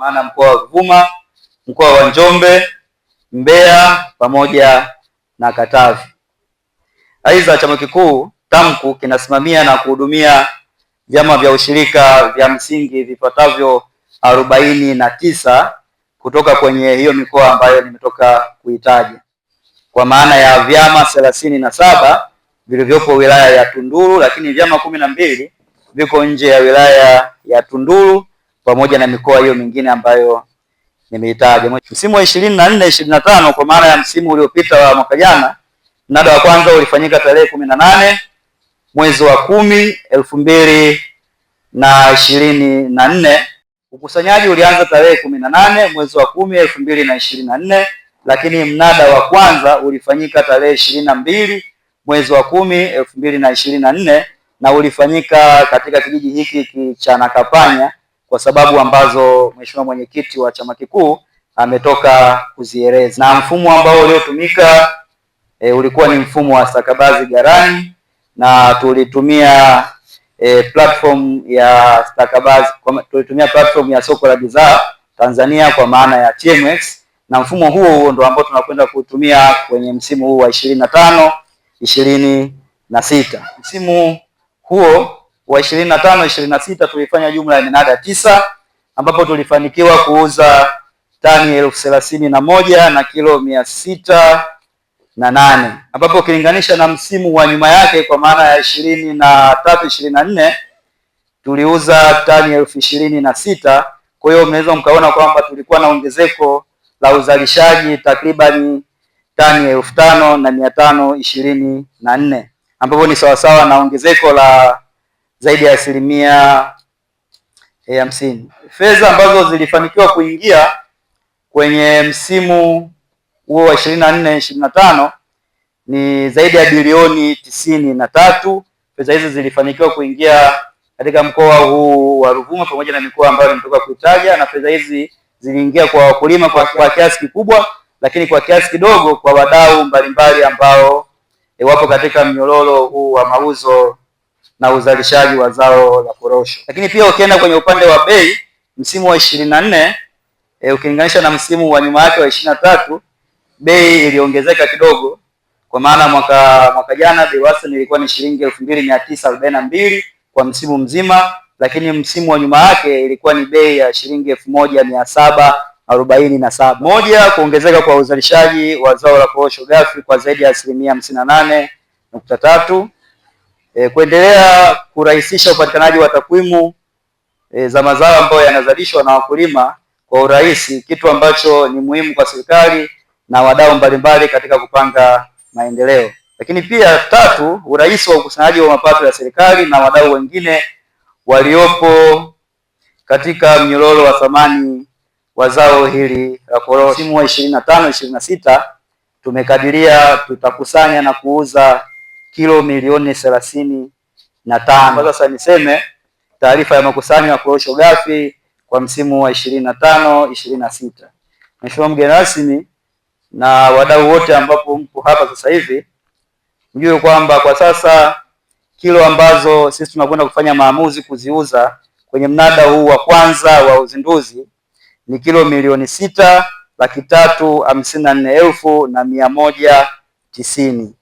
maana mkoa wa Ruvuma, mkoa wa Njombe, Mbeya pamoja na Katavi. Aidha, chama kikuu TAMCU kinasimamia na kuhudumia vyama vya ushirika vya msingi vipatavyo arobaini na tisa kutoka kwenye hiyo mikoa ambayo nimetoka kuitaja, kwa maana ya vyama thelathini na saba vilivyopo wilaya ya Tunduru, lakini vyama kumi na mbili viko nje ya wilaya ya Tunduru pamoja na mikoa hiyo mingine ambayo nimeitaja. Msimu wa ishirini na nne ishirini na tano kwa maana ya msimu uliopita wa mwaka jana, mnada wa kwanza ulifanyika tarehe kumi na nane mwezi wa kumi elfu mbili na ishirini na nne. Ukusanyaji ulianza tarehe kumi na nane mwezi wa kumi elfu mbili na ishirini na nne, lakini mnada wa kwanza ulifanyika tarehe ishirini na mbili mwezi wa kumi elfu mbili na ishirini na nne na ulifanyika katika kijiji hiki cha Nakapanya kwa sababu ambazo mheshimiwa mwenyekiti wa chama kikuu ametoka kuzieleza, na mfumo ambao uliotumika e, ulikuwa ni mfumo wa stakabadhi ghalani na tulitumia e, platform ya stakabadhi, tulitumia platform ya soko la bidhaa Tanzania kwa maana ya TMX, na mfumo huo huo ndio ambao tunakwenda kuutumia kwenye msimu huu wa ishirini na tano ishirini na sita msimu huo wa 25 26 tulifanya jumla ya minada tisa ambapo tulifanikiwa kuuza tani elfu thelathini na moja na kilo mia sita na nane ambapo ukilinganisha na msimu wa nyuma yake kwa maana ya ishirini na tatu ishirini na nne tuliuza tani elfu ishirini na sita kwa hiyo mnaweza mkaona kwamba tulikuwa na ongezeko la uzalishaji takribani tani elfu tano na mia tano ishirini na nne ambapo ni sawasawa na ongezeko la zaidi ya asilimia eh, hamsini. Fedha ambazo zilifanikiwa kuingia kwenye msimu huo wa ishirini na nne ishirini na tano ni zaidi ya bilioni tisini na tatu. Fedha hizi zilifanikiwa kuingia katika mkoa huu wa Ruvuma pamoja na mikoa ambayo nimetoka kuitaja, na fedha hizi ziliingia kwa wakulima kwa, kwa kiasi kikubwa, lakini kwa kiasi kidogo kwa wadau mbalimbali ambao e, wapo katika mnyororo huu wa mauzo na uzalishaji wa zao la korosho. Lakini pia ukienda kwenye upande wa bei, msimu wa ishirini na nne e, ukilinganisha na msimu wa nyuma yake wa ishirini na tatu bei iliongezeka kidogo, kwa maana mwaka mwaka jana bei wastani ilikuwa ni shilingi elfu mbili mia tisa arobaini na mbili kwa msimu mzima, lakini msimu wa nyuma yake ilikuwa ni bei ya shilingi elfu moja mia saba arobaini na saba. Moja, kuongezeka kwa uzalishaji wa zao la korosho ghafi kwa zaidi ya asilimia hamsini na nane nukta tatu E, kuendelea kurahisisha upatikanaji wa takwimu e, za mazao ambayo yanazalishwa na wakulima kwa urahisi, kitu ambacho ni muhimu kwa serikali na wadau mbalimbali katika kupanga maendeleo. Lakini pia tatu, urahisi wa ukusanyaji wa mapato ya serikali na wadau wengine waliopo katika mnyororo wa thamani wa zao hili la korosho. Msimu wa ishirini na tano ishirini na sita tumekadiria tutakusanya na kuuza kilo milioni thelathini na tano. Sasa niseme taarifa ya makusanyo ya korosho ghafi kwa msimu wa ishirini na tano ishirini na sita. Mheshimiwa mgeni rasmi na wadau wote ambapo mpo hapa sasa hivi, mjue kwamba kwa sasa kilo ambazo sisi tunakwenda kufanya maamuzi kuziuza kwenye mnada huu wa kwanza wa uzinduzi ni kilo milioni sita laki tatu hamsini na nne elfu na mia moja tisini.